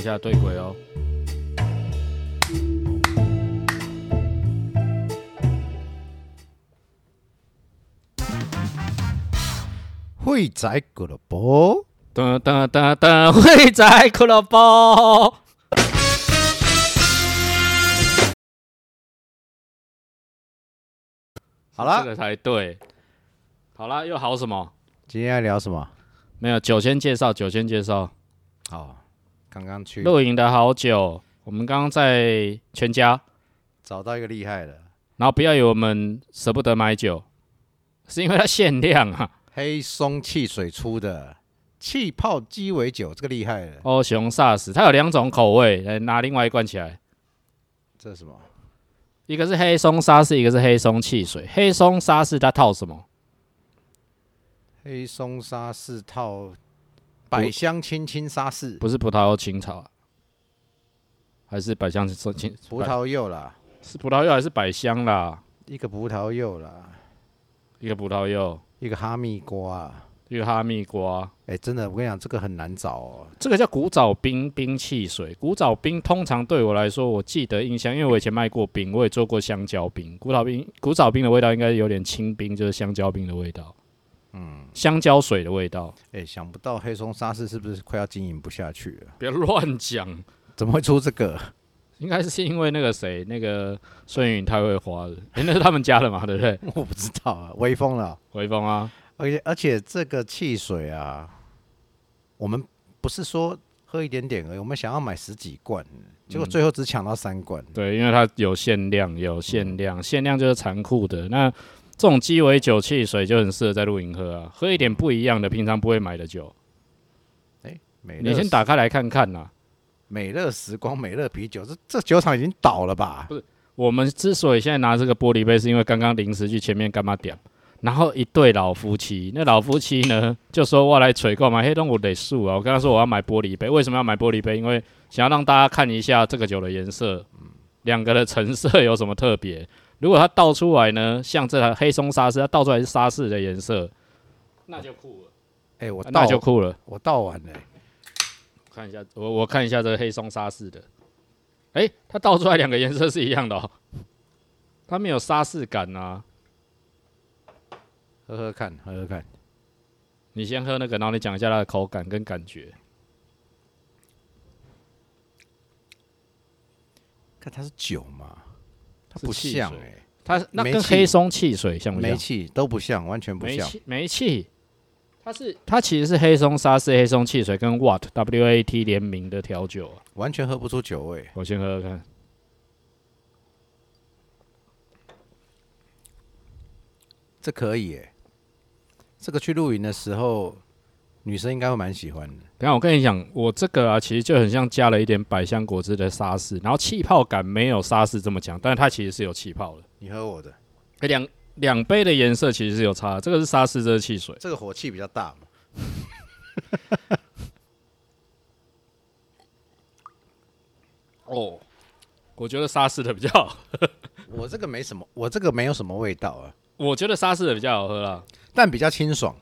一下對鬼哦！會摘胡蘿蔔，噠噠噠噠，會好了，這個才對。好了，又好什麼？今天要聊什麼？沒有酒先介紹，酒先介紹。好。剛剛去露營的好酒，我們剛剛在全家找到一個厲害的，然後不要以為我們捨不得買酒，是因為它限量啊。黑松汽水出的氣泡雞尾酒，這個厲害的。哦，黑松沙士它有兩種口味，來拿另外一罐起來。這是什麼？一個是黑松沙士，一個是黑松汽水。黑松沙士它套什麼？黑松沙士套。百香青青沙士不是葡萄柚青草？啊，還是百香是，青葡萄柚啦？是葡萄柚還是百香啦？一個葡萄柚啦，一個葡萄柚，一個哈密瓜，一個哈密瓜。哎、欸，真的，我跟你講，這個很難找哦。這個叫古早冰冰汽水，古早冰通常對我來說，我記得印象，因為我以前賣過冰，我也做過香蕉冰。古早冰，古早冰的味道應該有點清冰，就是香蕉冰的味道。嗯，香蕉水的味道。哎、欸，想不到黑松沙士是不是快要經營不下去了？別亂講，怎麼會出這個？應該是因為那個誰，那個孫雲太會花了、欸。那是他們家的嘛，對不對？我不知道啊，微風了，微風啊。而且而且這個汽水啊，我們不是說喝一點點而已，我們想要買十幾罐，結果最後只搶到三罐、嗯。對，因為它有限量，有限量，限量就是殘酷的。那。這種雞尾酒、汽水就很適合在露營喝啊，喝一點不一樣的，平常不會買的酒。哎，美樂，你先打開來看看吶。美樂時光、美樂啤酒，這這酒廠已經倒了吧？不是，我們之所以現在拿這個玻璃杯，是因為剛剛臨時去前面幹嘛點，然後一對老夫妻，那老夫妻呢就說我來催購買黑洞我得數啊，我跟他說我要買玻璃杯，為什麼要買玻璃杯？因為想要讓大家看一下這個酒的顏色，兩個的成色有什麼特別。如果它倒出來呢？像這台黑松沙士，它倒出來是沙士的顏色那、欸啊，那就酷了。哎，我那就酷了。我倒完了、欸，我看一下，我我看一下這個黑松沙士的。哎、欸，它倒出來兩個顏色是一樣的哦、喔，它沒有沙士感吶、啊。喝喝看，喝喝看，你先喝那個，然後你講一下它的口感跟感覺。看它是酒嘛？它不像誒，它那跟黑松汽水像不像？沒氣都不像，完全不像。沒氣，它是它其實是黑松沙士、黑松汽水跟 WAT WAT 聯名的調酒、啊，完全喝不出酒味、欸。我先喝喝看，這可以誒、欸，這個去露營的時候。女生應該會蠻喜歡的等。等下我跟你講，我這個啊，其實就很像加了一點百香果汁的沙士，然後氣泡感沒有沙士這麼強，但是它其實是有氣泡的。你喝我的，欸，兩兩杯的顏色其實是有差的，這個是沙士，這是汽水，這個火氣比較大嘛。哦，我覺得沙士的比較好。 我這個沒什麼，我這個沒有什麼味道啊。我覺得沙士的比較好喝了，啊，但比較清爽。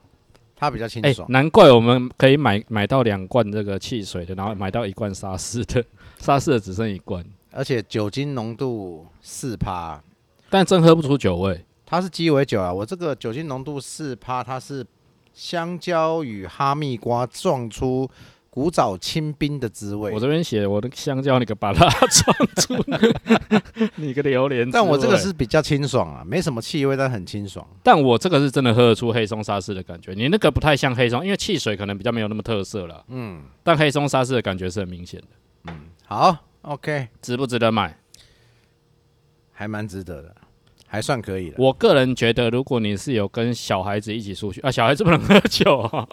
它比較清爽。欸，難怪我們可以買買到兩罐這個汽水的，然後買到一罐沙士的，沙士的只剩一罐，而且酒精濃度四趴，但真喝不出酒味。它是雞尾酒啊，我這個酒精濃度四趴，它是香蕉與哈密瓜撞出，古早清冰的滋味，我這邊寫我的香蕉，你個把它裝出來。你個榴蓮。但我這個是比較清爽啊，沒什麼氣味，但很清爽。但我這個是真的喝得出黑松沙士的感覺，你那個不太像黑松，因為汽水可能比較沒有那麼特色了。嗯，但黑松沙士的感覺是很明顯的。嗯，好，OK，值不值得買？還蠻值得的。還算可以的。我個人覺得，如果你是有跟小孩子一起出去啊，小孩子不能喝酒啊。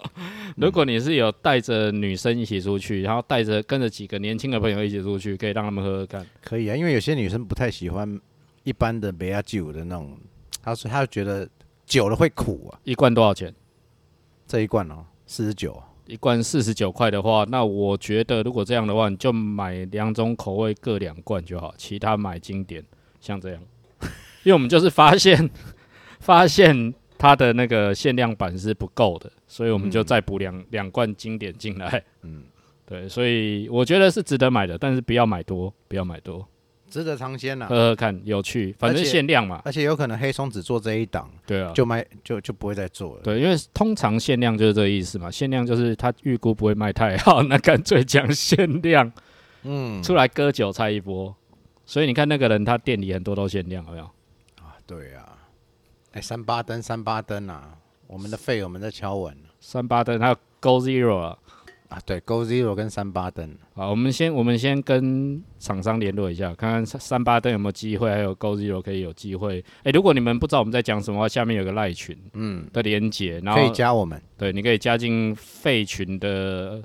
如果你是有帶着女生一起出去，然後帶着跟着幾個年輕的朋友一起出去，可以讓他們喝喝看。可以啊，因為有些女生不太喜歡一般的梅亞酒的那種，她她覺得酒的會苦啊。一罐多少錢？這一罐哦，四十九。一罐四十九塊的話，那我覺得如果這樣的話，你就買兩種口味各兩罐就好，其他買經典，像這樣。因為我們就是發現，發現它的那個限量版是不夠的，所以我們就再補兩兩罐經典進來。嗯，對，所以我覺得是值得買的，但是不要買多，不要買多，值得嘗鮮吶，喝喝看，有趣。反正限量嘛，而且有可能黑松只做這一檔，對啊，就賣就就不會再做了。對，因為通常限量就是這個意思嘛，限量就是他預估不會賣太好，那乾脆講限量，嗯，出來割韭菜一波。所以你看那個人，他店裡很多都限量，好像。對啊，哎，三八燈，三八燈啊，我們的費我們在敲碗、啊，三八燈，還有 Go Zero 啊，對，Go Zero 跟三八燈，好，我們先，我們先跟廠商聯絡一下，看看三八燈有沒有機會，還有 Go Zero 可以有機會。哎，如果你們不知道我們在講什麼話，下面有個賴群，嗯，的連接，然後可以加我們，對，你可以加進廢群的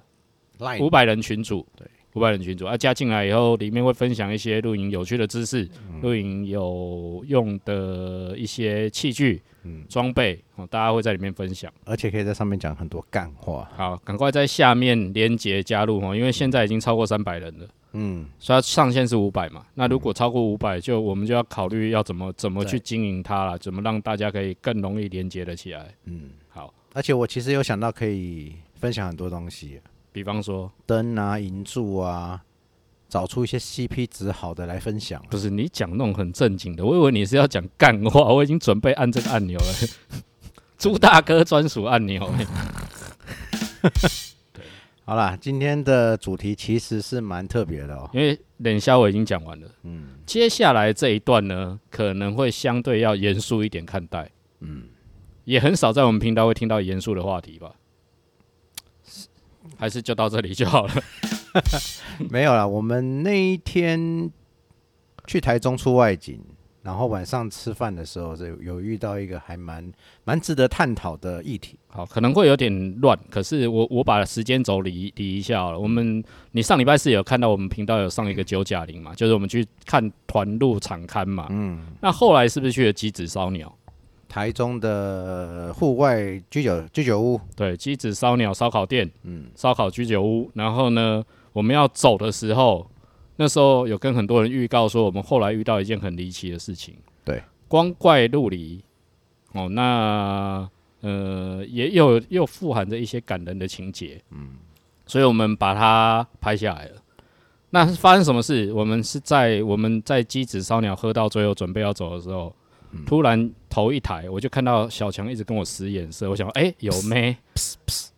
賴五百人群組，對。五百人群組啊，加進來以後，裡面會分享一些露營有趣的知識，嗯、露營有用的一些器具、裝、嗯、備、哦，大家會在裡面分享，而且可以在上面講很多幹話。好，趕快在下面連接加入哦，因為現在已經超過三百人了，嗯，所以上限是五百嘛。那如果超過五百，就我們就要考慮要怎麼怎麼去經營它了，對怎麼讓大家可以更容易連接得起來。嗯，好。而且我其實有想到可以分享很多東西、啊。比方說燈啊、銀柱啊，找出一些 CP 值好的來分享。不是你講那種很正經的，我以為你是要講幹話。我已經準備按這個按鈕了， 朱大哥專屬按鈕。 對，好啦，今天的主題其實是蠻特別的哦、喔，因為冷笑話我已經講完了，嗯，接下來這一段呢，可能會相對要嚴肅一點看待，嗯，也很少在我們頻道會聽到嚴肅的話題吧。還是就到這裡就好了。 沒有啦，我們那一天去台中出外景，然後晚上吃飯的時候，是有遇到一個還蠻蠻值得探討的議題。好，可能會有點亂，可是我我把時間軸理理一下好了。我們你上禮拜四有看到我們頻道有上一個九甲林嘛？就是我們去看團露場勘嘛。嗯。那後來是不是去了激旨燒鳥？台中的戶外居酒居酒屋。對，對，激旨燒鳥燒烤店，嗯，燒烤居酒屋。然後呢，我們要走的時候，那時候有跟很多人預告說，我們後來遇到一件很離奇的事情，對，光怪陸離，哦，那呃，也有又富含着一些感人的情節，嗯，所以我們把它拍下來了。那發生什麼事？我們是在我們在激旨燒鳥喝到最後，準備要走的時候。突然頭一抬，我就看到小強一直跟我使眼色。我想，哎、欸，有沒噗？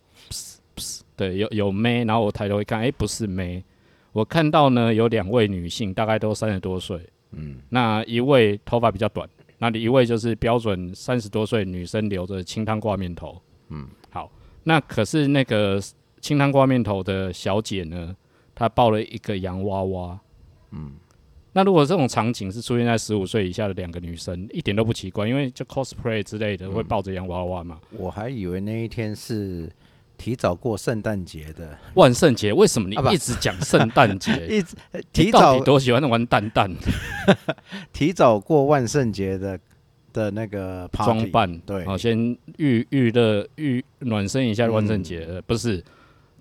對，有有沒？然後我抬頭一看，哎、欸，不是沒。我看到呢，有兩位女性，大概都三十多歲。嗯，那一位頭髮比較短，那一位就是標準三十多歲女生，留着清湯掛麵頭。嗯，好，那可是那個清湯掛麵頭的小姐呢，她抱了一個洋娃娃。嗯。那如果這種場景是出現在十五歲以下的兩個女生，一點都不奇怪，因為就 cosplay 之類的會抱着洋娃娃嘛、嗯。我還以為那一天是提早過聖誕節的萬聖節，為什麼你一直講聖誕節？啊、不 一直提早都喜歡玩蛋蛋？提早過萬聖節的的那個裝扮，對，好、啊、先預預熱預暖身一下萬聖節，嗯、不是。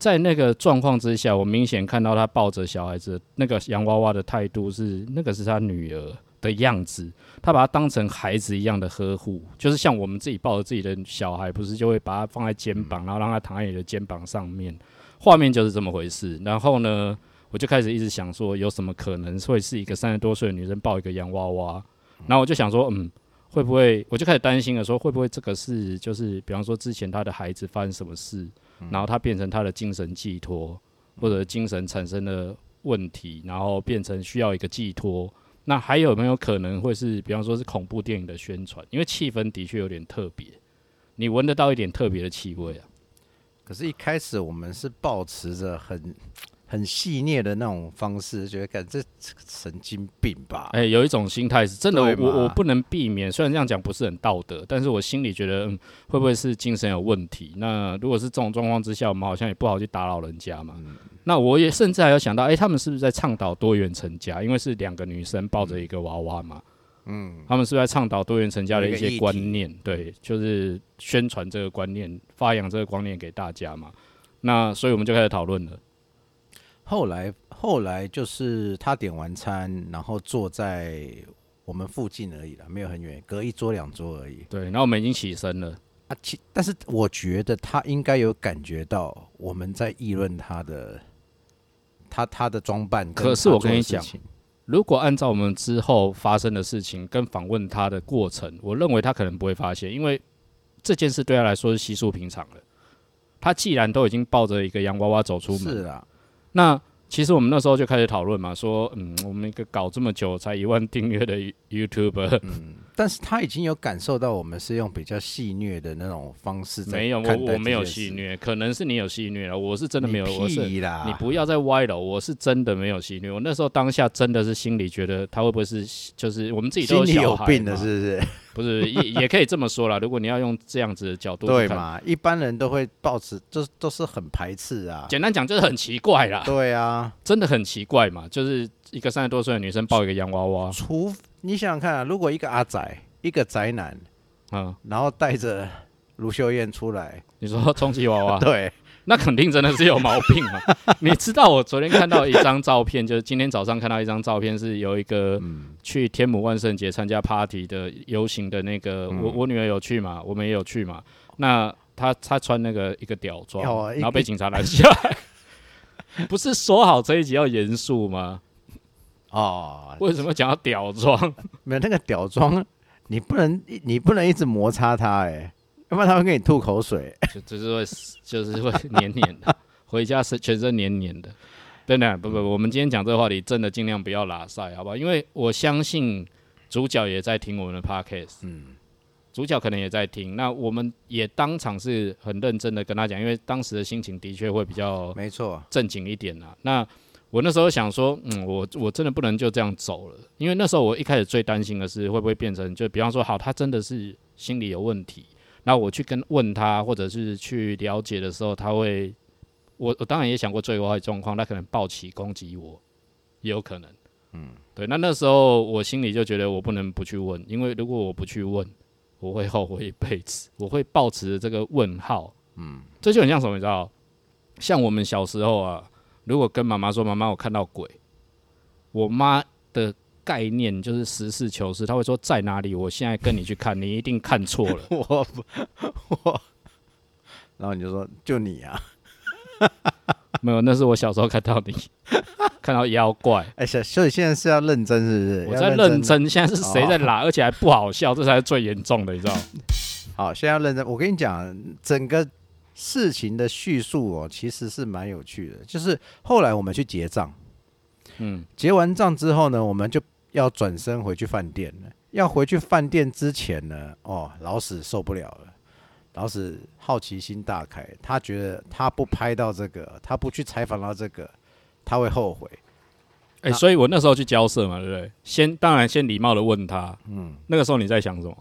在那個狀況之下，我明顯看到他抱着小孩子那個洋娃娃的態度是，那個是他女兒的樣子，他把她當成孩子一樣的呵護，就是像我們自己抱着自己的小孩，不是就會把它放在肩膀，然後讓它躺在你的肩膀上面，畫面就是這麼回事。然後呢，我就開始一直想說，有什麼可能會是一個三十多歲的女生抱一個洋娃娃？然後我就想說，嗯。會不會，我就開始擔心了，說會不會這個是就是，比方說之前他的孩子發生什麼事，然後他變成他的精神寄托，或者精神產生的問題，然後變成需要一個寄托。那還有沒有可能會是，比方說是恐怖電影的宣傳，因為氣氛的確有點特別，你聞得到一點特別的氣味啊。可是，一開始我們是保持着很。很細膩的那種方式，覺得感覺這這個神經病吧？誒、欸，有一種心態是真的，嘛我我不能避免。雖然這樣講不是很道德，但是我心裡覺得，嗯，會不會是精神有問題？那如果是這種狀況之下，我們好像也不好去打擾人家嘛。嗯、那我也甚至還有想到，誒、欸，他們是不是在倡導多元成家？因為是兩個女生抱着一個娃娃嘛，嗯，他們是不是在倡導多元成家的一些觀念？對，就是宣傳這個觀念，發揚這個觀念給大家嘛。那所以我們就開始討論了。後來，後來就是他點完餐，然後坐在我們附近而已了，沒有很遠，隔一桌兩桌而已。對，然後我們已經起身了啊其，但是我覺得他應該有感覺到我們在議論他的，他他的裝扮的。可是我跟你講，如果按照我們之後發生的事情跟訪問他的過程，我認為他可能不會發現，因為這件事對他來說是稀鬆平常的。他既然都已經抱着一個洋娃娃走出門，是啊。那其實我們那時候就開始討論嘛，說，嗯，我們一個搞這麼久才一萬訂閱的 you,、嗯、YouTuber，嗯，但是他已經有感受到我們是用比較戲謔的那種方式。沒有，我我沒有戲謔，可能是你有戲謔了，我是真的沒有。我屁啦，你不要再歪了，我是真的沒有戲謔。我那時候當下真的是心裡覺得他會不會是，就是我們自己都有，有病了，是不是？不是也 也可以這麼說啦。如果你要用這樣子的角度，對嘛？一般人都會抱持，這都是很排斥啊。簡單講就是很奇怪啦。對啊，真的很奇怪嘛，就是一個三十多歲的女生抱一個洋娃娃。除，除你想想看啊，如果一個阿宅，一個宅男，嗯，然後帶着盧秀燕出來，你說充氣娃娃？ 對。那肯定真的是有毛病嘛！你知道我昨天看到一張照片，就是今天早上看到一張照片，是有一個去天母萬聖節參加 party 的遊行的那個，我我女兒有去嘛，我們也有去嘛。那她她穿那個一個屌裝，然後被警察攔下來。不是說好這一集要嚴肅嗎？哦，為什麼講到屌裝？沒有那個屌裝，你不能你不能一直摩擦它欸。他們會給你吐口水、嗯，就是會，就是會黏黏的。 回家是全身黏黏的，真的不不，不嗯、我們今天講這個話題，真的盡量不要拉賽，好不好？因為我相信主角也在聽我們的 Podcast，嗯，主角可能也在聽。那我們也當場是很認真的跟他講，因為當時的心情的確會比較沒錯正經一點啊。錯那我那時候想說，嗯，我我真的不能就這樣走了，因為那時候我一開始最擔心的是會不會變成，就比方說，好，他真的是心理有問題。那我去跟問他，或者是去了解的時候，他會，我我當然也想過最壞的狀況，他可能暴起攻擊我，也有可能，嗯，對。那那時候我心裡就覺得我不能不去問，因為如果我不去問，我會後悔一輩子，我會抱持這個問號，嗯，這就很像什麼？你知道，像我們小時候啊，如果跟媽媽說，媽媽我看到鬼，我媽的。概念就是實事求是，他會說在哪裡？我現在跟你去看， 你一定看錯了。我不我，然後你就說就你啊， 沒有，那是我小時候看到你看到妖怪。而且、欸、所以現在是要認真，是不是？我在認真。現在是誰在哪？哦、而且還不好笑，這才是最嚴重的，你知道嗎？好，現在認真。我跟你講，整個事情的敘述哦，其實是蠻有趣的。就是後來我們去結賬，嗯，結完賬之後呢，我們就。要轉身回去飯店了，要回去飯店之前呢，哦，老史受不了了。老史好奇心大開，他覺得他不拍到這個，他不去採訪到這個，他會後悔。哎、欸，所以我那時候去交涉嘛，對不對？先，當然先禮貌的問他。嗯。那個時候你在想什麼？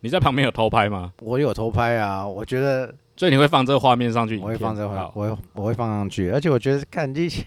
你在旁邊有偷拍嗎？我有偷拍啊！我覺得。所以你會放這個畫面上去？我會放這個畫。好我我會放上去，而且我覺得看這些，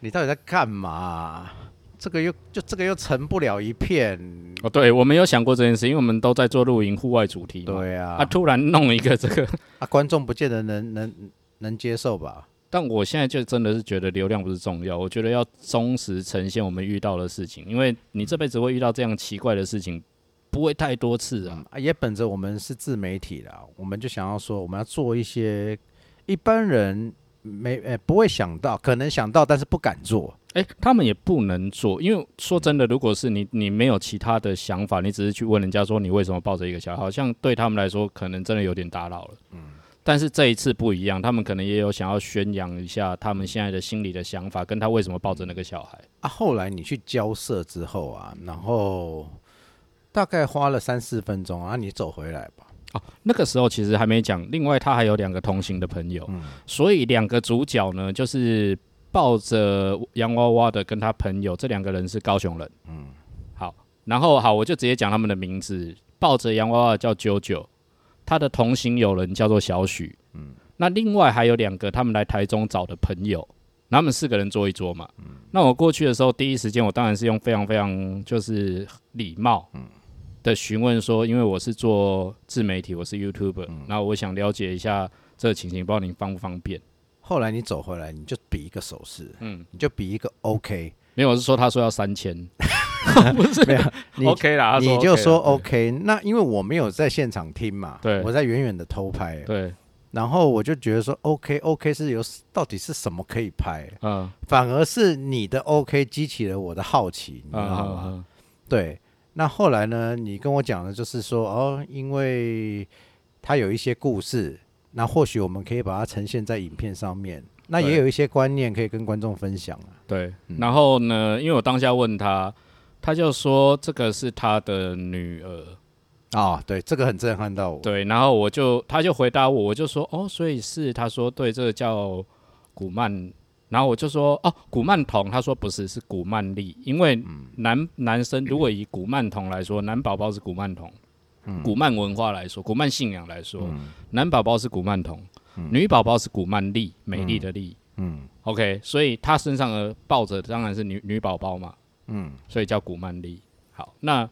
你到底在幹嘛、啊？這個又就這個又成不了一片哦，喔、對，我沒有想過這件事，因為我們都在做露營戶外主題，對啊，啊，突然弄一個這個， 啊，觀眾不見得能能能接受吧？但我現在就真的是覺得流量不是重要，我覺得要忠實呈現我們遇到的事情，因為你這輩子會遇到這樣奇怪的事情不會太多次啊，嗯、也本着我們是自媒體的，我們就想要說我們要做一些一般人沒誒、欸、不會想到，可能想到但是不敢做。哎、欸，他們也不能做，因為說真的，如果是你，你沒有其他的想法，你只是去問人家說你為什麼抱着一個小孩，好像對他們來說可能真的有點打擾了。嗯，但是這一次不一樣，他們可能也有想要宣揚一下他們現在的心理的想法，跟他為什麼抱着那個小孩。啊，後來你去交涉之後啊，然後大概花了三四分鐘啊，你走回來吧。啊，那個時候其實還沒講，另外他還有兩個同行的朋友，嗯，所以兩個主角呢，就是。抱着洋娃娃的跟他朋友，這兩個人是高雄人。嗯，好，然後好，我就直接講他們的名字。抱着洋娃娃的叫 JOJO，他的同行友人叫做小許。嗯，那另外還有兩個，他們來台中找的朋友，那他們四個人坐一桌嘛。嗯，那我過去的時候，第一時間我當然是用非常非常就是禮貌，嗯，的詢問說，因為我是做自媒體，我是 YouTuber，嗯，那我想了解一下這個情形，不知道您方不方便。後來你走回來，你就比一個手勢，嗯，你就比一個 OK。沒有，我是說，他說要三千， 不是沒有你 OK 啦？OK 啦你就說 OK。那因為我沒有在現場聽嘛，對，我在遠遠的偷拍，對。然後我就覺得說 OK，OK、OK、OK、是有到底是什麼可以拍？嗯，反而是你的 OK 激起了我的好奇，你知道嗎？嗯嗯，對。那後來呢，你跟我講的就是說，哦，因為他有一些故事。那或許我們可以把它呈現在影片上面，那也有一些觀念可以跟觀眾分享、啊、對，嗯、然後呢，因為我當下問他，他就說這個是他的女兒啊、哦，對，這個很震撼到我。對，然後我就他就回答我，我就說哦，所以是他說對，這個叫古曼，然後我就說哦，古曼童，他說不是，是古曼麗，因為男、嗯、男生如果以古曼童來說，嗯、男寶寶是古曼童。古曼文化來說，古曼信仰來說，嗯、男寶寶是古曼童，嗯、女寶寶是古曼麗，美麗的麗、嗯。嗯，OK，所以他身上抱的抱着當然是女女寶寶嘛，嗯，所以叫古曼麗。好，那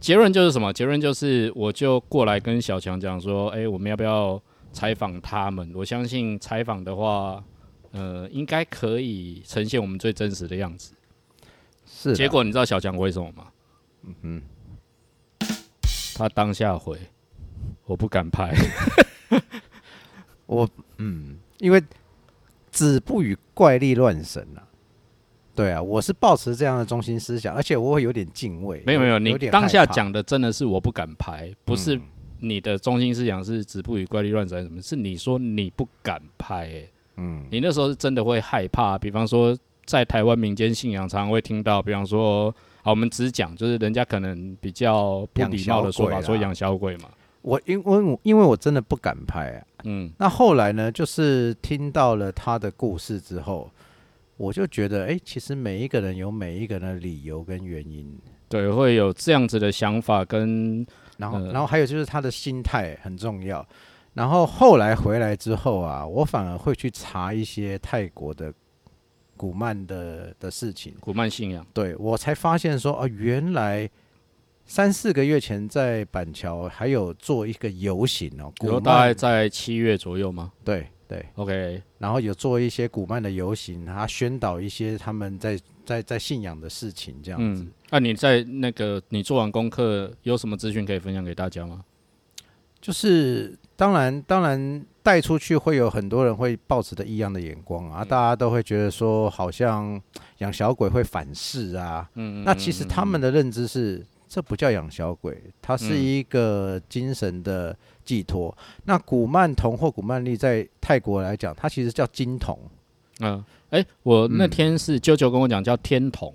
結論就是什麼？結論就是我就過來跟小強講說，哎、欸，我們要不要採訪他們？我相信採訪的話，呃，應該可以呈現我們最真實的樣子。是的，結果你知道小強為什麼嗎？嗯嗯。他當下回，我不敢拍。 我嗯，因為子不語怪力亂神啊。對啊，我是抱持這樣的中心思想，而且我會有點敬畏。沒有沒有，有你當下講的真的是我不敢拍，不是你的中心思想是子不語怪力亂神什麼？是你說你不敢拍、欸。嗯，你那時候是真的會害怕。比方說，在台灣民間信仰，常常會聽到，比方說。好，我們只講，就是人家可能比較不禮貌的說法，說養小、小鬼嘛。我因為因為我真的不敢拍啊。嗯。那後來呢，就是聽到了他的故事之後，我就覺得，哎、欸，其實每一個人有每一個人的理由跟原因，對，會有這樣子的想法跟，跟然後，呃、然後還有就是他的心態很重要。然後後來回來之後啊，我反而會去查一些泰國的。古曼的的事情，古曼信仰，對。我才發現說，啊，原來三四個月前在板橋還有做一個遊行哦，古曼有大概在七月左右嗎？對對，OK，然後有做一些古曼的遊行，然後宣導一些他們在在在信仰的事情這樣子。那、嗯啊、你在那個你做完功課有什麼資訊可以分享給大家嗎？就是當然當然。當然帶出去會有很多人會抱持着異樣的眼光啊，大家都會覺得說好像養小鬼會反噬啊。嗯，那其實他們的認知是，這不叫養小鬼，它是一個精神的寄託。那古曼童或古曼麗在泰國來講，它其實叫金童。嗯，哎，我那天是舅舅跟我講叫天童，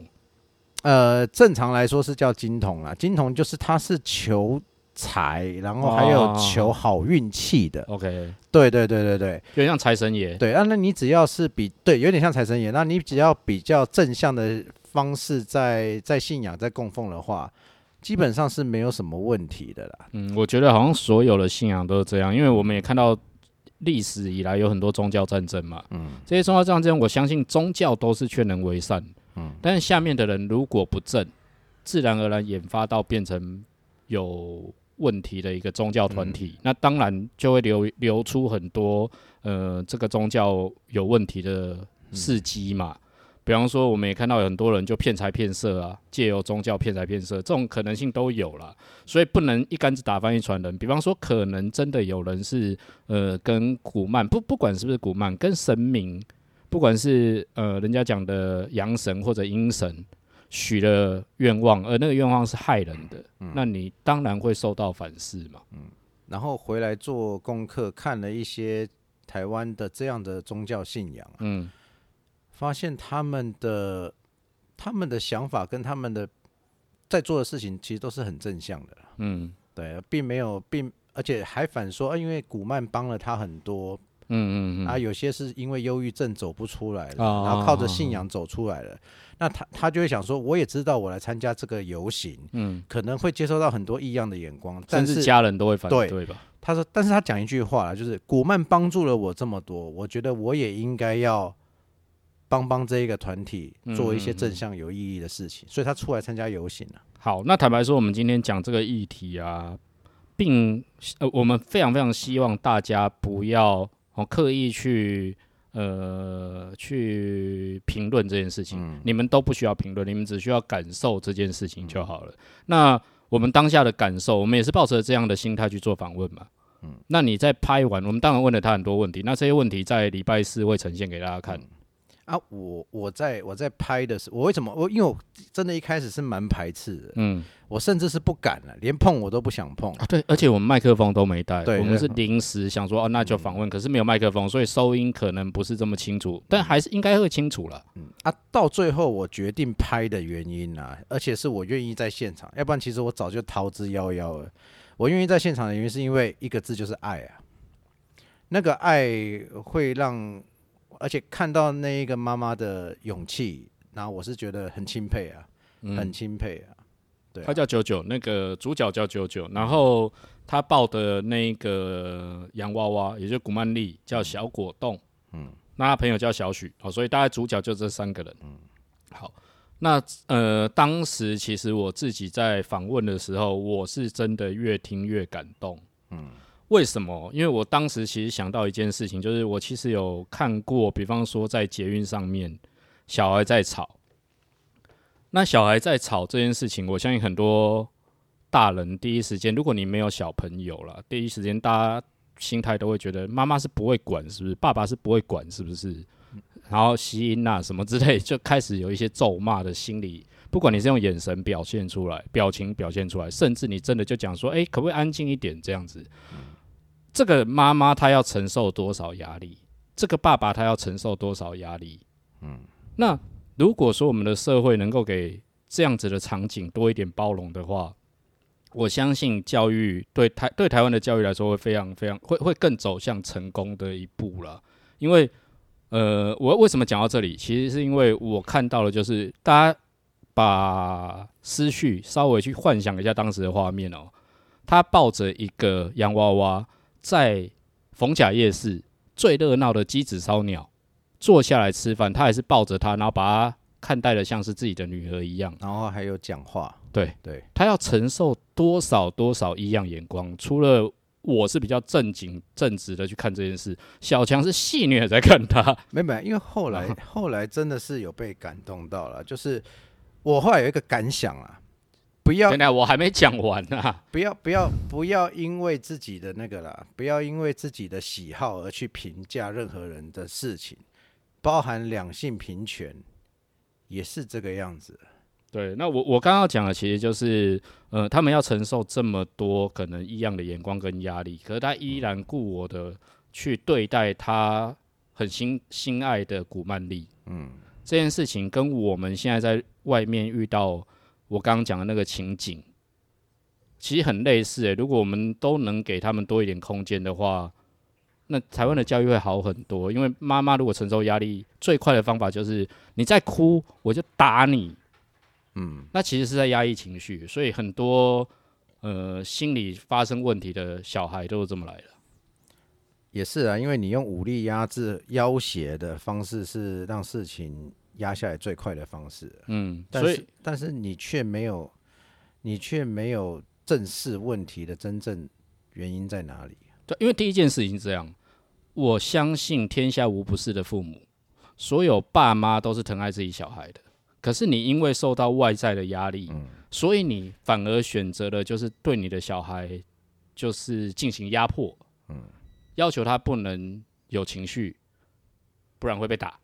呃，正常來說是叫金童啊。金童就是它是求。財，然後還有求好運氣的。Oh, OK，對對對對對，有點像財神爺。對啊，那你只要是比對，有點像財神爺。那你只要比較正向的方式在，在在信仰在供奉的話，基本上是沒有什麼問題的啦。嗯，我覺得好像所有的信仰都是這樣，因為我們也看到歷史以來有很多宗教戰爭嘛。嗯，這些宗教戰爭，我相信宗教都是勸人為善。嗯，但是下面的人如果不正，自然而然研發到變成有。問題的一個宗教團體，嗯、那當然就會流流出很多呃，這個宗教有問題的事蹟嘛。嗯、比方說，我們也看到有很多人就騙財騙色啊，借由宗教騙財騙色，這種可能性都有了。所以不能一竿子打翻一船人。比方說，可能真的有人是呃，跟古曼不不管是不是古曼，跟神明，不管是呃，人家講的陽神或者陰神，許了願望，而那個願望是害人的，嗯、那你當然會受到反噬嘛。嗯，然後回來做功課，看了一些台灣的這樣的宗教信仰，啊，嗯，發現他們的他們的想法跟他們的在做的事情，其實都是很正向的。嗯，對，並沒有，並而且還反說，啊，因為古曼幫了他很多。嗯嗯啊嗯，有些是因為憂鬱症走不出來了，啊、然後靠着信仰走出來了。啊、那他他就會想說，我也知道我來參加這個遊行，嗯，可能會接受到很多異樣的眼光，但是家人都會反對吧。對他說，但是他講一句話啦，就是古曼幫助了我這麼多，我覺得我也應該要幫幫這一個團體做一些正向有意義的事情，嗯嗯嗯所以他出來參加遊行了。啊。好，那坦白說，我們今天講這個議題啊，並呃，我們非常非常希望大家不要。我刻意去呃去評論這件事情，嗯，你們都不需要評論，你們只需要感受這件事情就好了。嗯，那我們當下的感受，我們也是抱着這樣的心態去做訪問嘛。嗯，那你在拍完，我們當然問了他很多問題，那這些問題在禮拜四會呈現給大家看。嗯啊，我我在我在拍的時候，我為什麼我因為我真的一開始是蠻排斥的，嗯，我甚至是不敢了、啊，連碰我都不想碰、啊啊，對，而且我們麥克風都沒帶，對、嗯，我們是臨時想說哦，那就訪問，嗯、可是沒有麥克風，所以收音可能不是這麼清楚，但還是應該會清楚了，嗯，啊，到最後我決定拍的原因呢、啊，而且是我願意在現場，要不然其實我早就逃之夭夭了，我願意在現場的原因是因為一個字就是愛啊，那個愛會讓。而且看到那一個媽媽的勇氣，然後我是覺得很欽佩啊，嗯、很欽佩啊。對啊，她叫九九，那個主角叫九九，然後她抱的那個洋娃娃，也就是古曼麗，叫小果凍。嗯，那他朋友叫小許，好、哦，所以大概主角就這三個人。嗯，好，那呃，當時其實我自己在訪問的時候，我是真的越聽越感動。嗯。為什麼？因為我當時其實想到一件事情，就是我其實有看過，比方說在捷運上面，小孩在吵。那小孩在吵這件事情，我相信很多大人第一時間，如果你沒有小朋友了，第一時間大家心態都會覺得媽媽是不會管，是不是？爸爸是不會管，是不是？然後吸引啊什麼之類，就開始有一些咒罵的心理，不管你是用眼神表現出來，表情表現出來，甚至你真的就講說：“哎，可不可以安靜一點？”這樣子。這個媽媽她要承受多少壓力？這個爸爸他要承受多少壓力？嗯，那如果說我們的社會能夠給這樣子的場景多一點包容的話，我相信教育對台對台灣的教育來說會非常非常會會更走向成功的一步了。因為呃，我為什麼講到這裡？其實是因為我看到了，就是大家把思緒稍微去幻想一下當時的畫面哦，他抱着一個洋娃娃。在逢甲夜市最熱鬧的激旨燒鳥，坐下來吃飯，他還是抱着她，然後把她看待的像是自己的女兒一樣，然後還有講話。對對，對他要承受多少多少異樣眼光？嗯、除了我是比較正經正直的去看這件事，小強是戲謔在看他。沒買，因為後來 後來真的是有被感動到了，就是我後來有一個感想啊。不要，現在我還沒講完呢、啊。不要，不要，不要因為自己的那個啦，不要因為自己的喜好而去評價任何人的事情，包含兩性平權也是這個樣子。對，那我我剛剛講的其實就是，呃，他們要承受這麼多可能異樣的眼光跟壓力，可是他依然故我的去對待他很心心愛的古曼麗。嗯，這件事情跟我們現在在外面遇到。我剛剛講的那個情景，其實很類似誒、欸。如果我們都能給他們多一點空間的話，那台灣的教育會好很多。因為媽媽如果承受壓力最快的方法就是你再哭，我就打你。嗯，那其實是在壓抑情緒，所以很多呃心理發生問題的小孩都是這麼來的。也是啊，因為你用武力壓制、要挾的方式是讓事情，壓下來最快的方式，嗯，所以但是，但是你卻沒有，你卻沒有正視問題的真正原因在哪裡啊？對，因為第一件事情是這樣，我相信天下無不是的父母，嗯，所有爸媽都是疼愛自己小孩的。可是你因為受到外在的壓力，嗯，所以你反而選擇了就是對你的小孩就是進行壓迫，嗯，要求他不能有情緒，不然會被打。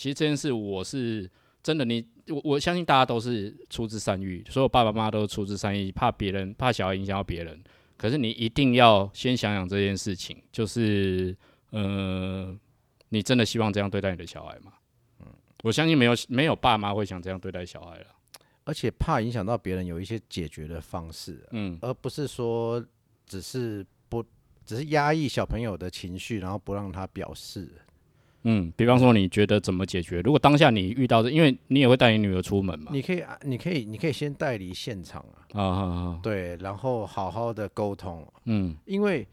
其實這件事，我是真的你，你我我相信大家都是出自善意，所有爸爸媽媽都是出自善意，怕別人，怕小孩影響到別人。可是你一定要先想想這件事情，就是，呃，你真的希望這樣對待你的小孩嗎？嗯，我相信沒有沒有爸媽會想這樣對待小孩了，而且怕影響到別人，有一些解決的方式、啊，嗯，而不是說只是不，只是壓抑小朋友的情緒，然後不讓他表示。嗯，比方說你覺得怎麼解決？如果當下你遇到的，因為你也會帶你女兒出門嘛，你可以，你可以，你可以先帶離現場啊啊！哦，好好。對，然後好好的溝通。嗯，因為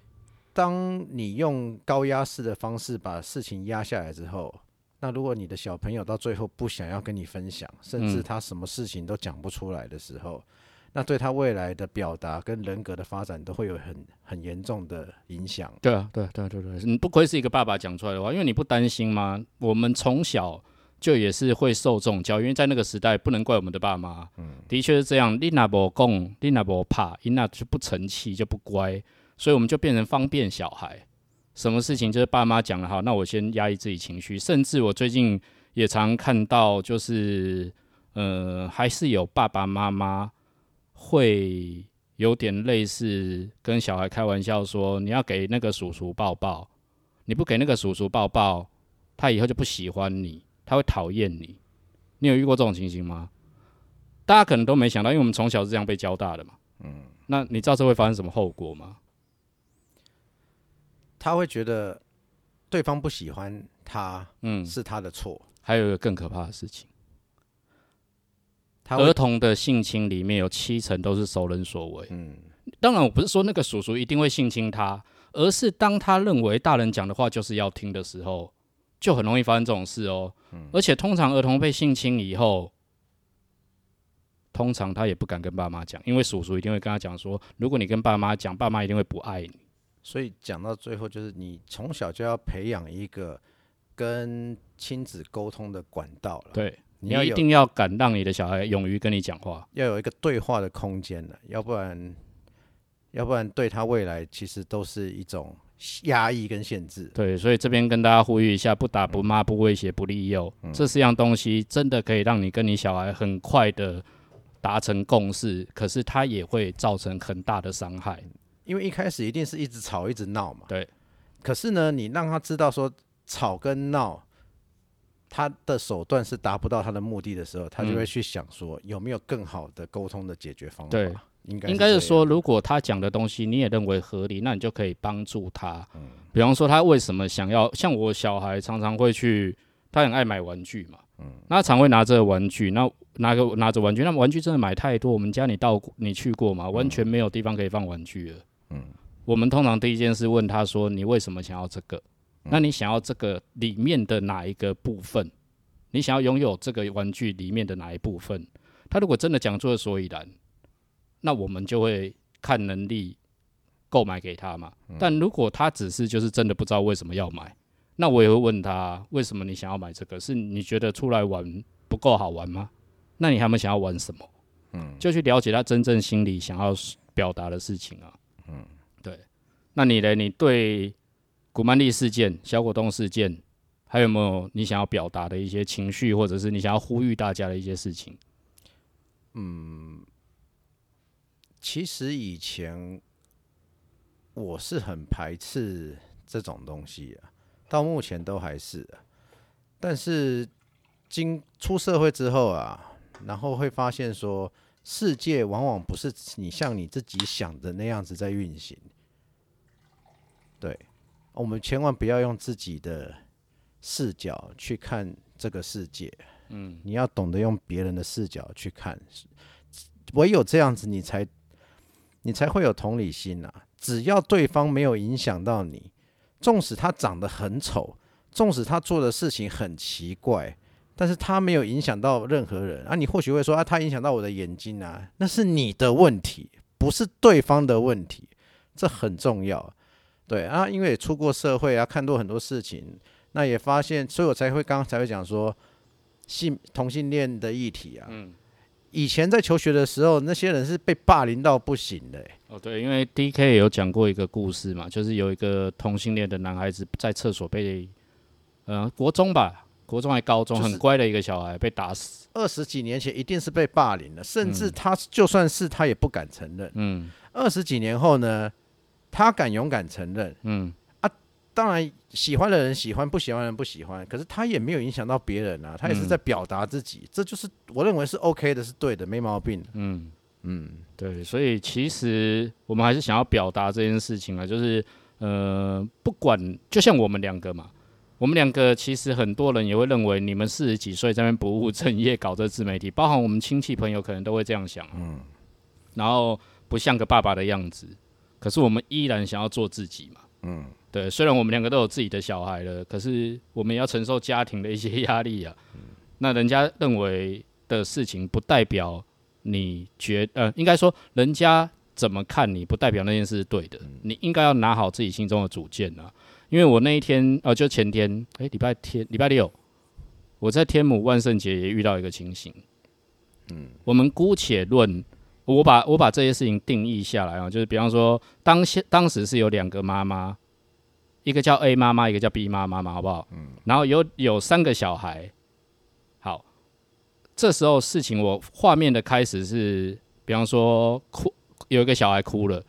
當你用高壓式的方式把事情壓下來之後，那如果你的小朋友到最後不想要跟你分享，甚至他什麼事情都講不出來的時候，嗯那對他未來的表達跟人格的發展都會有很很嚴重的影響。對啊，對對對啊，你不愧是一個爸爸講出來的話，因為你不擔心嗎？我們從小就也是會受重教，因為在那個時代，不能怪我們的爸媽。嗯，的確是這樣。你那不供，你那不怕，你那就不成器，就不乖，所以我們就變成方便小孩。什麼事情就是爸媽講了，好，那我先壓抑自己情緒。甚至我最近也常看到，就是呃，還是有爸爸媽媽。會有點類似跟小孩開玩笑說，你要給那個叔叔抱抱，你不給那個叔叔抱抱，他以後就不喜歡你，他會討厭你。你有遇過這種情形嗎？大家可能都沒想到，因為我們從小是這樣被教大的嘛。嗯，那你知道這會發生什麼後果嗎？他會覺得對方不喜歡他，嗯，是他的錯。還有一個更可怕的事情。他會，兒童的性侵裡面有七成都是熟人所為。嗯，當然我不是說那個叔叔一定會性侵他，而是當他認為大人講的話就是要聽的時候，就很容易發生這種事哦、喔。嗯，而且通常兒童被性侵以後，通常他也不敢跟爸媽講，因為叔叔一定會跟他講說，如果你跟爸媽講，爸媽一定會不愛你。所以講到最後，就是你從小就要培養一個跟親子溝通的管道了。對。你要一定要敢讓你的小孩勇於跟你講話，你要有一個對話的空間，要不然，要不然對他未來其實都是一種壓抑跟限制。對，所以這邊跟大家呼籲一下：不打、不罵、不威脅、不利誘，嗯，這四樣東西真的可以讓你跟你小孩很快的達成共識。可是他也會造成很大的傷害，因為一開始一定是一直吵一直鬧嘛。對，可是呢，你讓他知道說吵跟鬧。他的手段是達不到他的目的的時候，他就會去想說有沒有更好的溝通的解決方法。嗯、對，應該應該是說，如果他講的東西你也認為合理，那你就可以幫助他。嗯、比方說，他為什麼想要？像我小孩常常會去，他很愛買玩具嘛。嗯。那常會拿着玩具，那拿個拿着玩具，那玩具真的買太多，我們家你到，你去過嗎？完全沒有地方可以放玩具了。嗯。我們通常第一件事問他說：“你為什麼想要這個？”那你想要這個裡面的哪一個部分？你想要擁有這個玩具裡面的哪一部分？他如果真的講出了所以然，那我們就會看能力購買給他嘛。嗯、但如果他只是就是真的不知道為什麼要買，那我也會問他為什麼你想要買這個？是你覺得出來玩不夠好玩嗎？那你他們想要玩什麼？嗯，就去了解他真正心裡想要表達的事情啊。嗯，對。那你呢？你對？古曼麗事件、小果凍事件，還有沒有你想要表達的一些情緒，或者是你想要呼籲大家的一些事情？嗯，其實以前我是很排斥這種東西啊，到目前都還是啊。但是，經出社會之後啊，然後會發現說，世界往往不是你像你自己想的那樣子在運行。我們千萬不要用自己的視角去看這個世界。嗯，你要懂得用別人的視角去看，唯有這樣子，你才你才會有同理心啊。只要對方沒有影響到你，縱使他長得很醜，縱使他做的事情很奇怪，但是他沒有影響到任何人啊！你或許會說啊，他影響到我的眼睛啊，那是你的問題，不是對方的問題，這很重要。對啊，因為也出過社會啊，看過很多事情，那也發現，所以我才會剛剛才會講說性同性戀的議題啊。嗯、以前在求學的時候，那些人是被霸凌到不行的、欸。哦，對，因為 D K 也有講過一個故事嘛，就是有一個同性戀的男孩子在廁所被，呃，國中吧，國中還高中，就是、很乖的一個小孩被打死。二十幾年前一定是被霸凌的，甚至他、嗯、就算是他也不敢承認。嗯。二十幾年後呢？他敢勇敢承認，嗯啊，當然喜歡的人喜歡，不喜歡的人不喜歡，可是他也沒有影響到別人啊，他也是在表達自己，嗯、這就是我認為是 OK 的，是對的，沒毛病。嗯嗯，對，所以其實我們還是想要表達這件事情啊，就是呃，不管就像我們兩個嘛，我們兩個其實很多人也會認為你們四十幾歲在那邊不務正業，搞這自媒體，包含我們親戚朋友可能都會這樣想，啊，嗯，然後不像個爸爸的樣子。可是我們依然想要做自己嘛？嗯，對。雖然我們兩個都有自己的小孩了，可是我們也要承受家庭的一些壓力啊。嗯、那人家認為的事情，不代表你覺呃，應該說人家怎麼看你，不代表那件事是對的。嗯、你應該要拿好自己心中的主見啊。因為我那一天呃，就前天，誒、欸，禮拜天，禮拜六，我在天母萬聖節也遇到一個情形。嗯，我們姑且論。我把我把這些事情定義下來啊，就是比方說當，當現當時是有兩個媽媽，一個叫 A 媽媽，一個叫 B 媽媽嘛，好不好？嗯。然後有有三個小孩，好，這時候事情我畫面的開始是，比方說哭有一個小孩哭了，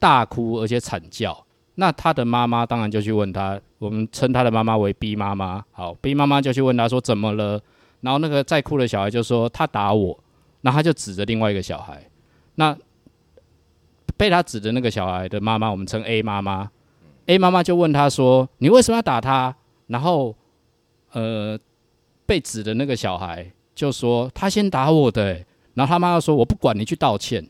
大哭而且慘叫，那他的媽媽當然就去問他，我們稱他的媽媽為 B 媽媽，好，B 媽媽就去問他說怎麼了？然後那個在哭的小孩就說他打我，然後他就指着另外一個小孩。那被他指的那個小孩的媽媽，我們稱 A 媽媽，嗯，A 媽媽就問他說：“你為什麼要打他？”然後，呃，被指的那個小孩就說：“他先打我的欸。”然後他媽媽說：“我不管你去道歉，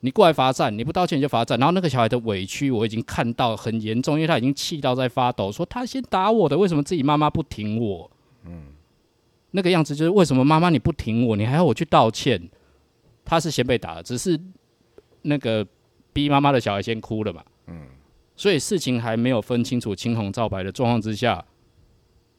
你過來罰站。你不道歉你就罰站。”然後那個小孩的委屈我已經看到很嚴重，因為他已經氣到在發抖，說：“他先打我的，為什麼自己媽媽不挺我？”嗯，那個樣子就是為什麼媽媽你不挺我，你還要我去道歉？他是先被打的，只是那個 B 媽媽的小孩先哭了嘛，嗯，所以事情還沒有分清楚青紅皂白的狀況之下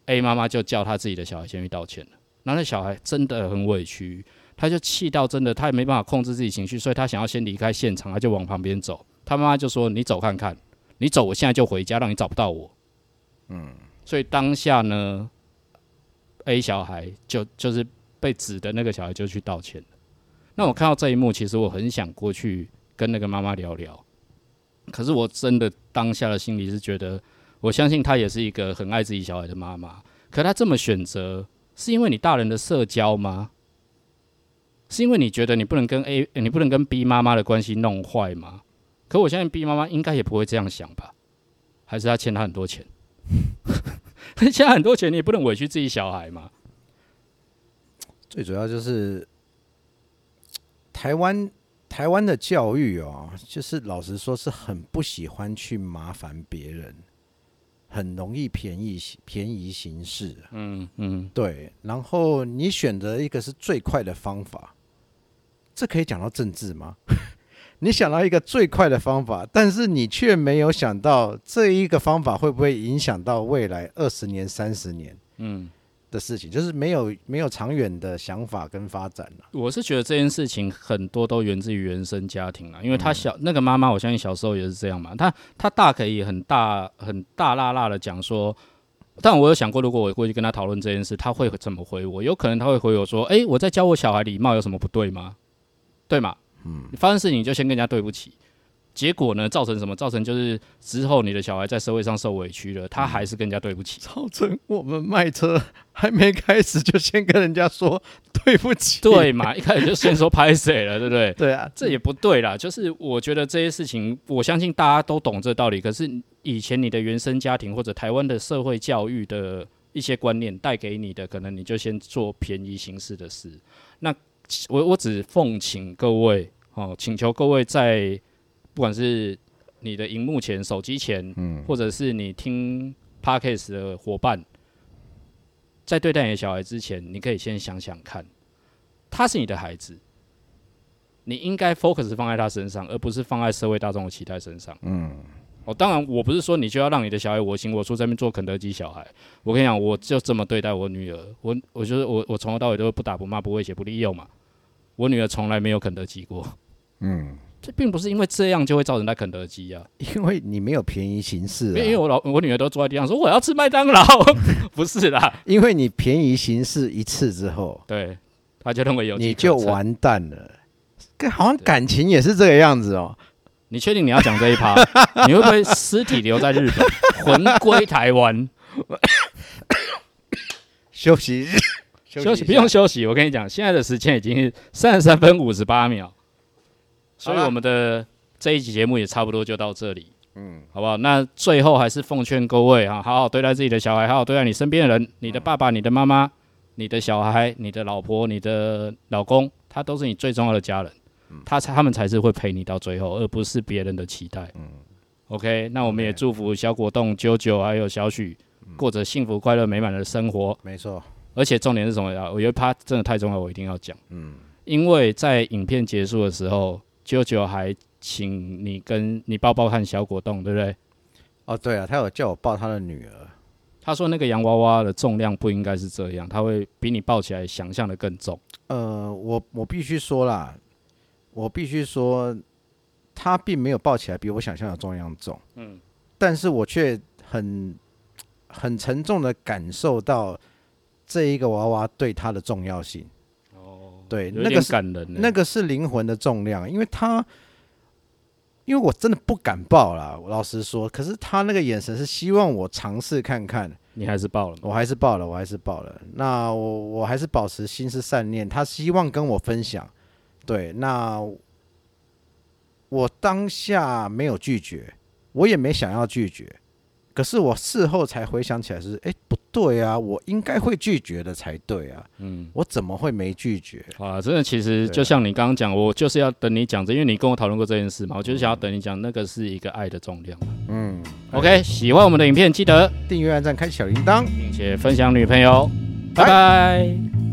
，A 媽媽就叫他自己的小孩先去道歉，然後，那那小孩真的很委屈，他就氣到真的他也沒辦法控制自己情緒，所以他想要先離開現場，他就往旁邊走。他媽媽就說：“你走看看，你走，我現在就回家，讓你找不到我。”嗯，所以當下呢，A 小孩就就是被指的那個小孩就去道歉。那我看到這一幕，其實我很想過去跟那個媽媽聊聊。可是我真的當下的心裡是覺得，我相信她也是一個很愛自己小孩的媽媽。可她這麼選擇，是因為你大人的社交嗎？是因為你覺得你不能跟 A，你不能跟 B 媽媽的關係弄壞嗎？可我相信 B 媽媽應該也不會這樣想吧？還是要欠她欠他很多錢？ 欠很多錢，你也不能委屈自己小孩嗎？最主要就是。台灣台灣的教育哦，就是老實說，是很不喜歡去麻煩別人，很容易便宜便宜行事。嗯嗯，嗯對。然後你選擇一個是最快的方法，這可以講到政治嗎？ 你想到一個最快的方法，但是你卻沒有想到這一個方法會不會影響到未來二十年、三十年。嗯。的事情就是沒有沒有長遠的想法跟發展、啊、我是覺得這件事情很多都源自於原生家庭了，因為他小、嗯、那個媽媽，我相信小時候也是這樣嘛。他他大可以很大很大辣辣的講說，但我有想過，如果我過去跟他討論這件事，他會怎麼回我？有可能他會回我說：“哎、欸，我在教我小孩禮貌，有什麼不對嗎？對嗎？嗯，發生事情你就先跟人家對不起。”結果呢？造成什麼？造成就是之後你的小孩在社會上受委屈了，嗯、他還是更加對不起。造成我們賣車還沒開始，就先跟人家說對不起。對嘛？一開始就先說拍謝了， 對不對？對啊，這也不對啦。就是我覺得這些事情，我相信大家都懂這道理。可是以前你的原生家庭或者台灣的社會教育的一些觀念帶給你的，可能你就先做便宜行事的事。那我我只奉請各位哦，請求各位在，不管是你的熒幕前，手機前，嗯、或者是你聽 podcast 的夥伴，在對待你的小孩之前，你可以先想想看，他是你的孩子，你應該 focus 放在他身上，而不是放在社會大眾的期待身上。嗯。哦，當然，我不是說你就要讓你的小孩我行我素，在那邊做肯德基小孩。我跟你講，我就這麼對待我女兒，我我就是我，我從頭到尾都不打不罵、不威脅、不利用嘛。我女兒從來沒有肯德基過。嗯。這並不是因為這樣就會造成在肯德基呀、啊，因為你沒有便宜行事、啊。因為，我老我女兒都坐在地上說我要吃麥當勞， 不是啦，因為你便宜行事一次之後，對，他就認為有你就完蛋了。跟好像感情也是這個樣子哦。對你確定你要講這一趴？ 你會不會屍體留在日本， 魂歸台灣？ 休息休息，不用休息。我跟你講，現在的時間已經三十三分五十八秒。所以我們的這一集節目也差不多就到這裡，嗯，好不好？嗯、那最後還是奉勸各位啊，好好對待自己的小孩，好好對待你身邊的人，你的爸爸、你的媽媽、你的小孩、你的老婆、你的老公，他都是你最重要的家人，他才他們才是會陪你到最後，而不是別人的期待。嗯，OK，那我們也祝福小果凍、JOJO 還有小許過着幸福、快樂、美滿的生活。沒錯錯，而且重點是什麼呀？我覺得他真的太重要，我一定要講。嗯，因為在影片結束的時候。JOJO 還請你跟你抱抱他的小果凍，對不對？哦，對啊，他有叫我抱他的女兒。他說那個洋娃娃的重量不應該是這樣，他會比你抱起來想象的更重。呃，我我必須說啦，我必須說，他並沒有抱起來比我想象的重量重。嗯，但是我卻很很沉重的感受到這一個娃娃對他的重要性。對，那個是那個是靈魂的重量，因為他，因為我真的不敢抱了，老實說。可是他那個眼神是希望我嘗試看看，你還是抱了嗎？我還是抱了，我還是抱了。那我我還是保持心思善念，他希望跟我分享。對，那我當下沒有拒絕，我也沒想要拒絕。可是我事後才回想起來，就是，是，哎，不。對啊，我應該會拒絕的才對啊。嗯，我怎麼會沒拒絕？啊，真的，其實就像你剛剛講，我就是要等你講，這因為你跟我討論過這件事嘛，我就是想要等你講，那個是一個愛的重量。嗯，OK，、哎、喜歡我們的影片，記得訂閱、按讚、開小鈴鐺，並且分享女朋友。嗯、拜拜。嗯